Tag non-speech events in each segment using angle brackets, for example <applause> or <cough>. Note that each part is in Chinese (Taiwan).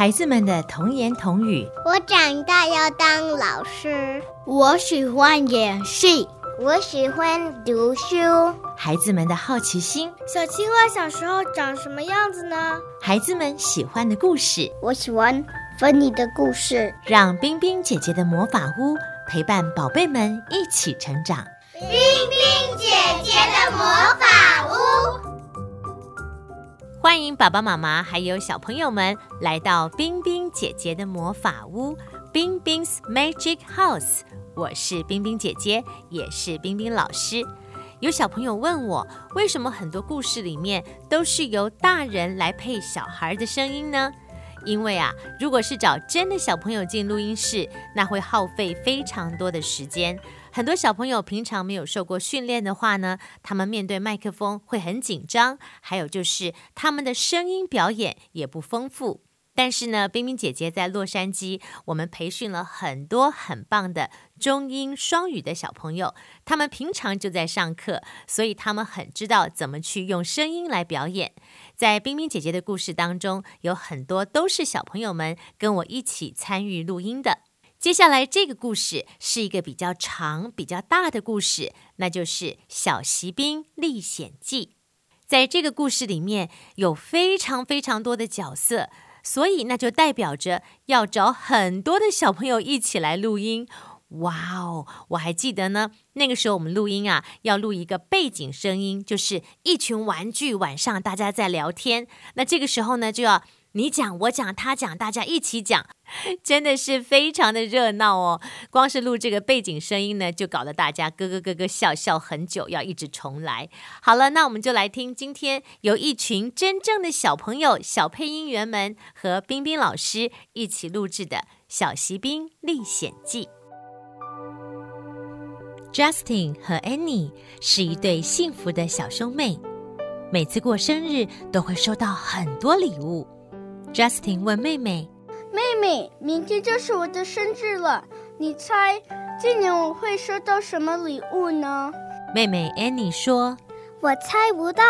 孩子們的童言童語：我長大要當老師，我喜歡演戲，我喜歡讀書。孩子們的好奇心：小青蛙小時候長什麼樣子呢？孩子們喜歡的故事：我喜歡《粉你》的故事。讓冰冰姐姐的魔法屋陪伴寶貝們一起成長。冰冰姐姐的魔法。歡迎爸爸媽媽還有小朋友們來到冰冰姐姐的魔法屋，冰冰 's Magic House。我是冰冰姐姐，也是冰冰老師。有小朋友問我，為什麼很多故事裡面都是由大人來配小孩的聲音呢？因為啊，如果是找真的小朋友進錄音室，那會耗費非常多的時間。很多小朋友平常沒有受過訓練的話呢，他們面對麥克風會很緊張，還有就是他們的聲音表演也不豐富。但是呢，冰冰姐姐在洛杉磯，我們培訓了很多很棒的中英雙語的小朋友，他們平常就在上課，所以他們很知道怎麼去用聲音來表演。在冰冰姐姐的故事當中，有很多都是小朋友們跟我一起參與錄音的。接下來這個故事是一個比較長、比較大的故事，那就是《小錫兵歷險記》。在這個故事裡面有非常非常多的角色，所以那就代表着要找很多的小朋友一起來錄音。哇哦，我還記得呢，那個時候我們錄音啊，要錄一個背景聲音，就是一群玩具晚上大家在聊天。那這個時候呢，就要。你講，我講，他講，大家一起講，真的是非常的熱鬧哦！光是錄這個背景聲音呢，就搞得大家咯咯咯咯笑笑很久，要一直重來。好了，那我們就來聽今天由一群真正的小朋友、小配音員們和冰冰老師一起錄製的《小錫兵歷險記》。Justin 和 Annie 是一對幸福的小兄妹，每次過生日都會收到很多禮物。Justin 問妹妹：“妹妹，明天就是我的生日了，你猜今年我會收到什麼禮物呢？”妹妹 Annie 說：“我猜不到，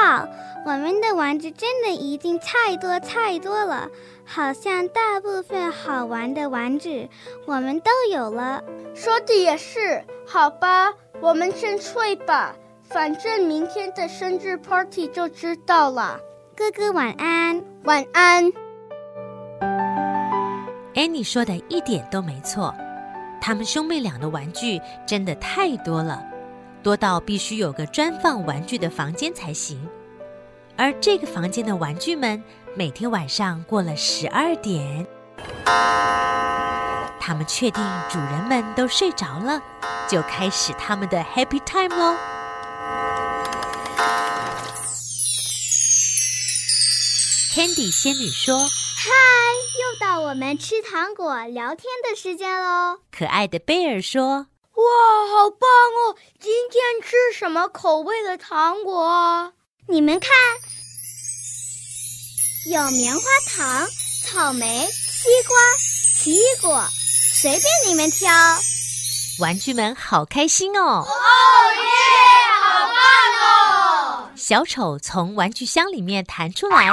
我們的玩具真的已經太多太多了，好像大部分好玩的玩具我們都有了。”說的也是，好吧，我們先睡吧，反正明天的生日 party 就知道了。哥哥晚安，晚安。安妮說的一點都沒錯，他們兄妹倆的玩具真的太多了，多到必須有個專放玩具的房間才行。而這個房間的玩具們，每天晚上過了十二點，他們確定主人們都睡着了，就開始他們的 happy time 咯。Candy 仙女說。Hi! 到我們吃糖果、聊天的時間嘍！可愛的貝爾說：“哇，好棒哦！今天吃什麼口味的糖果？你們看，有棉花糖、草莓、草莓、西瓜、奇異果，隨便你們挑。”玩具們好開心哦！哦耶，好棒哦！小丑從玩具箱裡面彈出來。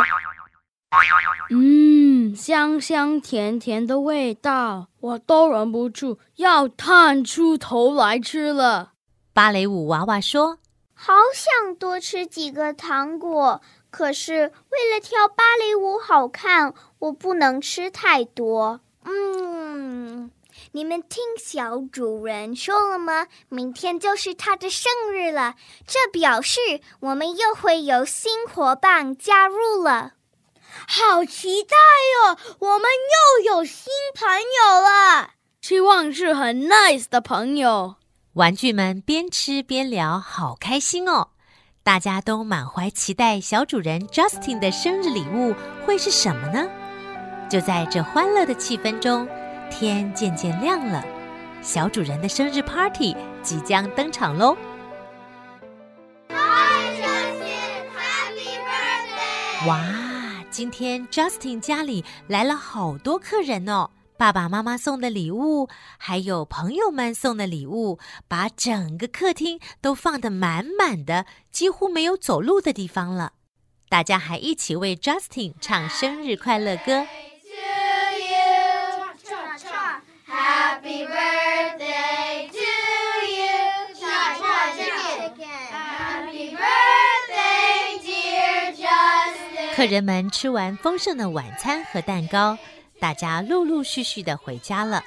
香香甜甜的味道，我都忍不住要探出頭來吃了。芭蕾舞娃娃說：“好想多吃幾個糖果，可是為了跳芭蕾舞好看，我不能吃太多。”嗯，你們聽小主人說了嗎？明天就是他的生日了，這表示我們又會有新夥伴加入了。好期待哦！我們又有新朋友了，希望是很 nice 的朋友。玩具們邊吃邊聊，好開心哦！大家都滿懷期待，小主人 Justin 的生日禮物會是什麼呢？就在這歡樂的氣氛中，天漸漸亮了，小主人的生日 party 即將登場嘍！Hi Justin, Happy birthday！哇！今天 Justin 家裡來了好多客人哦，爸爸媽媽送的禮物，還有朋友們送的禮物，把整個客廳都放得滿滿的，幾乎沒有走路的地方了。大家還一起為 Justin 唱生日快樂歌。客人們吃完豐盛的晚餐和蛋糕，大家陸陸續續的回家了。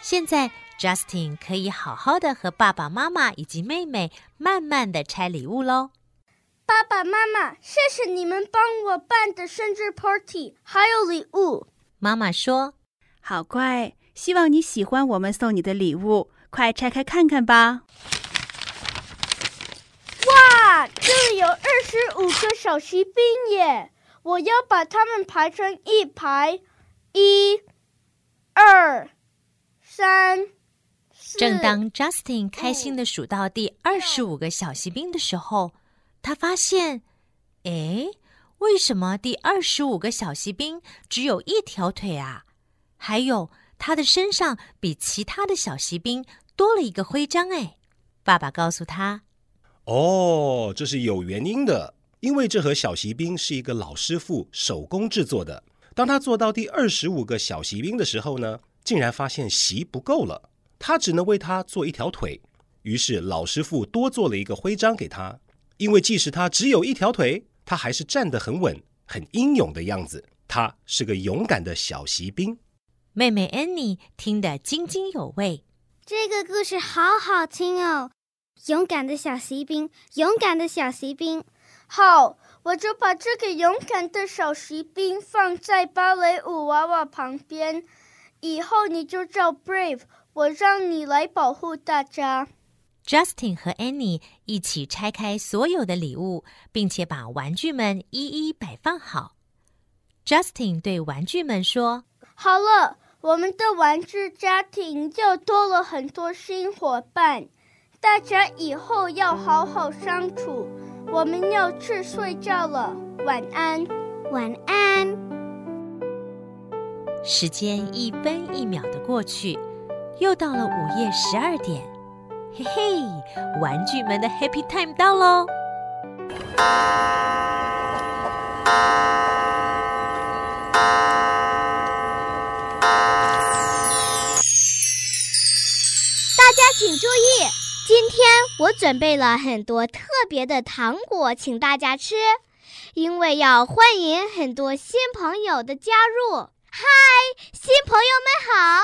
現在，Justin 可以好好的和爸爸媽媽以及妹妹慢慢的拆禮物嘍。爸爸媽媽，謝謝你們幫我辦的生日 party，還有禮物。媽媽說：“好乖，希望你喜歡我們送你的禮物，快拆開看看吧。”啊，這裡有二十五個小錫兵耶！我要把他們排成一排，一、二、三、四。正當 Justin 開心的數到第二十五個小錫兵的時候，哦、他發現，哎，為什麼第二十五個小錫兵只有一條腿啊？還有，他的身上比其他的小錫兵多了一個徽章。哎，爸爸告訴他。哦，這是有原因的，因為這盒小錫兵是一個老師傅手工製作的。當他做到第二十五個小錫兵的時候呢，竟然發現錫不夠了，他只能為他做一條腿。於是老師傅多做了一個徽章給他，因為即使他只有一條腿，他還是站得很穩、很英勇的樣子。他是個勇敢的小錫兵。妹妹安妮聽得津津有味，這個故事好好聽哦。勇敢的小錫兵，勇敢的小錫兵，好，我就把這個勇敢的小錫兵放在芭蕾舞娃娃旁邊。以後你就叫 Brave，我讓你來保護大家。Justin 和 Annie 一起拆開所有的禮物，並且把玩具們一一擺放好。Justin 對玩具們說：“好了，我們的玩具家庭又多了很多新夥伴。”大家以後要好好相處。我們要去睡覺了，晚安，晚安。時間一分一秒的過去，又到了午夜十二點。嘿嘿，玩具們的 Happy Time 到嘍。 <noise> 今天我準備了很多特別的糖果，請大家吃，因為要歡迎很多新朋友的加入。嗨，新朋友們好！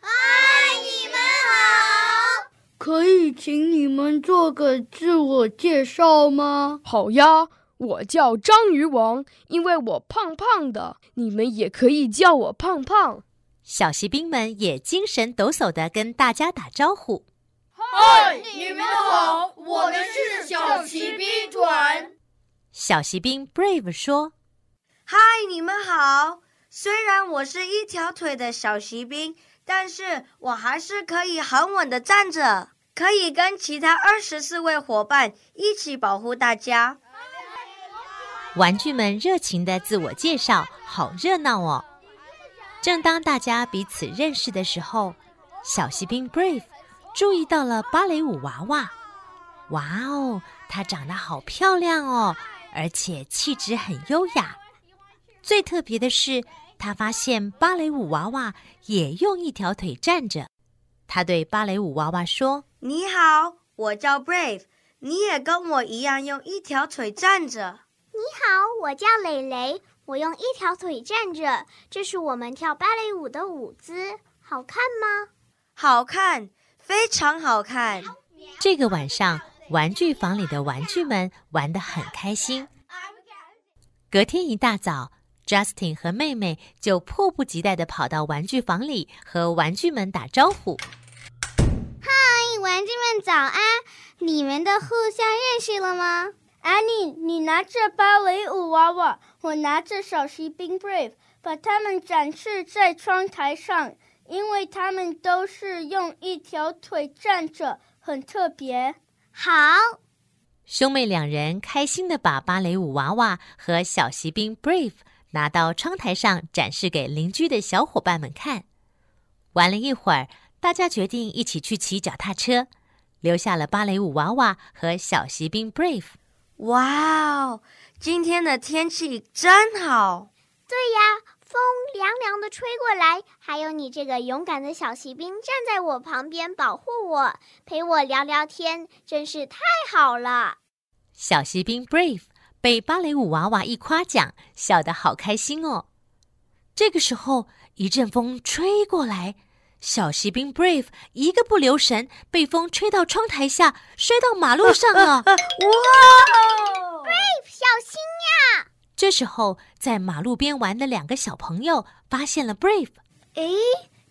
嗨，你們好！可以請你們做個自我介紹嗎？好呀，我叫章魚王，因為我胖胖的，你們也可以叫我胖胖。小錫兵們也精神抖擻地跟大家打招呼。嗨，你們好，我們是小錫兵團。小錫兵 Brave 說：“嗨，你們好。雖然我是一條腿的小錫兵，但是我還是可以很穩的站着，可以跟其他二十四位夥伴一起保護大家。”玩具們熱情的自我介紹，好熱鬧哦！正當大家彼此認識的時候，小錫兵 Brave。注意到了芭蕾舞娃娃，哇哦，她長得好漂亮哦，而且氣質很優雅。最特別的是，她發現芭蕾舞娃娃也用一條腿站着。她對芭蕾舞娃娃說：“你好，我叫 Brave，你也跟我一樣用一條腿站着。”“你好，我叫蕾蕾，我用一條腿站着，這是我們跳芭蕾舞的舞姿，好看嗎？”“好看。”非常好看。這個晚上，玩具房裡的玩具們玩得很開心。隔天一大早，Justin 和妹妹就迫不及待地跑到玩具房裡和玩具們打招呼：“嗨，玩具們，早安！你們的互相認識了嗎？”Annie，你拿着芭蕾舞娃娃，我拿着小錫兵 Brave，把它們展示在窗台上。因為他們都是用一條腿站着，很特別。好，兄妹兩人開心地把芭蕾舞娃娃和小錫兵 Brave 拿到窗台上展示給鄰居的小夥伴們看。玩了一會兒，大家決定一起去騎腳踏車，留下了芭蕾舞娃娃和小錫兵 Brave。哇哦，今天的天氣真好。對呀。風涼涼的吹過來，還有你這個勇敢的小錫兵站在我旁邊保護我，陪我聊聊天，真是太好了。小錫兵 Brave 被芭蕾舞娃娃一誇獎，笑得好開心哦。這個時候，一陣風吹過來，小錫兵 Brave 一個不留神被風吹到窗台下，摔到馬路上了，啊啊啊啊。哇哦！這時候，在馬路邊玩的兩個小朋友發現了 Brave。哎，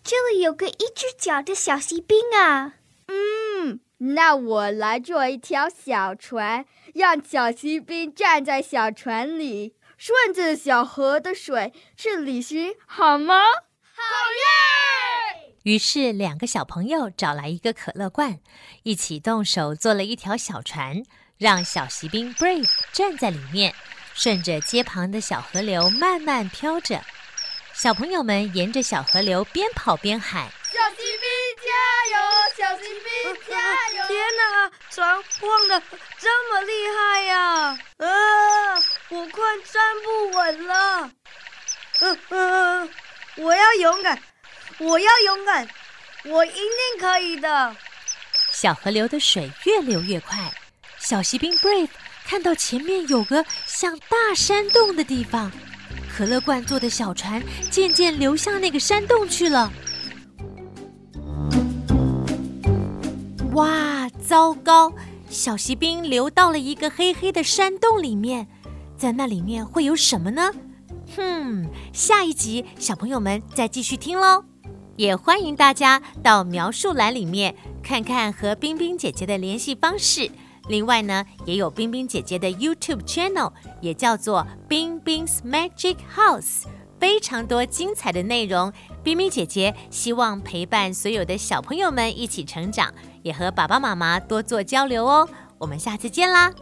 這裡有個一只腳的小錫兵啊！嗯，那我來做一條小船，讓小錫兵站在小船裡，順着小河的水去旅行好嗎？好耶！於是，兩個小朋友找來一個可樂罐，一起動手做了一條小船，讓小錫兵 Brave 站在裡面。順着街旁的小河流慢慢飄着，小朋友們沿着小河流邊跑邊喊：“小錫兵加油！小錫兵加油！”呃呃、天哪、啊，船晃得這麼厲害呀、啊！啊、呃，我快站不穩了！嗯、呃、嗯、呃，我要勇敢，我要勇敢，我一定可以的。小河流的水越流越快，小錫兵 Brave 看到前面有個像大山洞的地方，可樂罐做的小船漸漸流向那個山洞去了。哇，糟糕！小錫兵流到了一個黑黑的山洞裡面，在那裡面會有什麼呢？哼，下一集小朋友們再繼續聽嘍。也歡迎大家到描述欄裡面看看和冰冰姐姐的聯繫方式。另外呢，也有冰冰姐姐的 YouTube channel，也叫做 Bing Bing's Magic House，非常多精彩的內容。冰冰姐姐希望陪伴所有的小朋友們一起成長，也和爸爸媽媽多做交流哦。我們下次見啦！